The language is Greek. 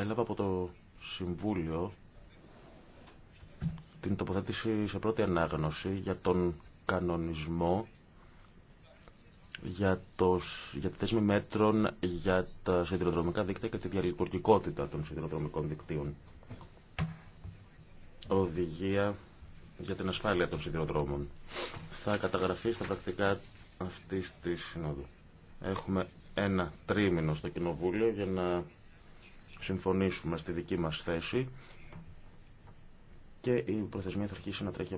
έλαβα από το Συμβούλιο την τοποθέτηση σε πρώτη ανάγνωση για τον κανονισμό για, το, για τη μέτρων για τα σιδηροδρομικά δίκτυα και τη διαλειτουργικότητα των σιδηροδρομικών δικτύων. Οδηγία για την ασφάλεια των σιδηροδρόμων. Θα καταγραφεί στα πρακτικά αυτής της συνόδου. Έχουμε ένα τρίμηνο στο Κοινοβούλιο για να συμφωνήσουμε στη δική μας θέση και η προθεσμία θα αρχίσει να τρέχει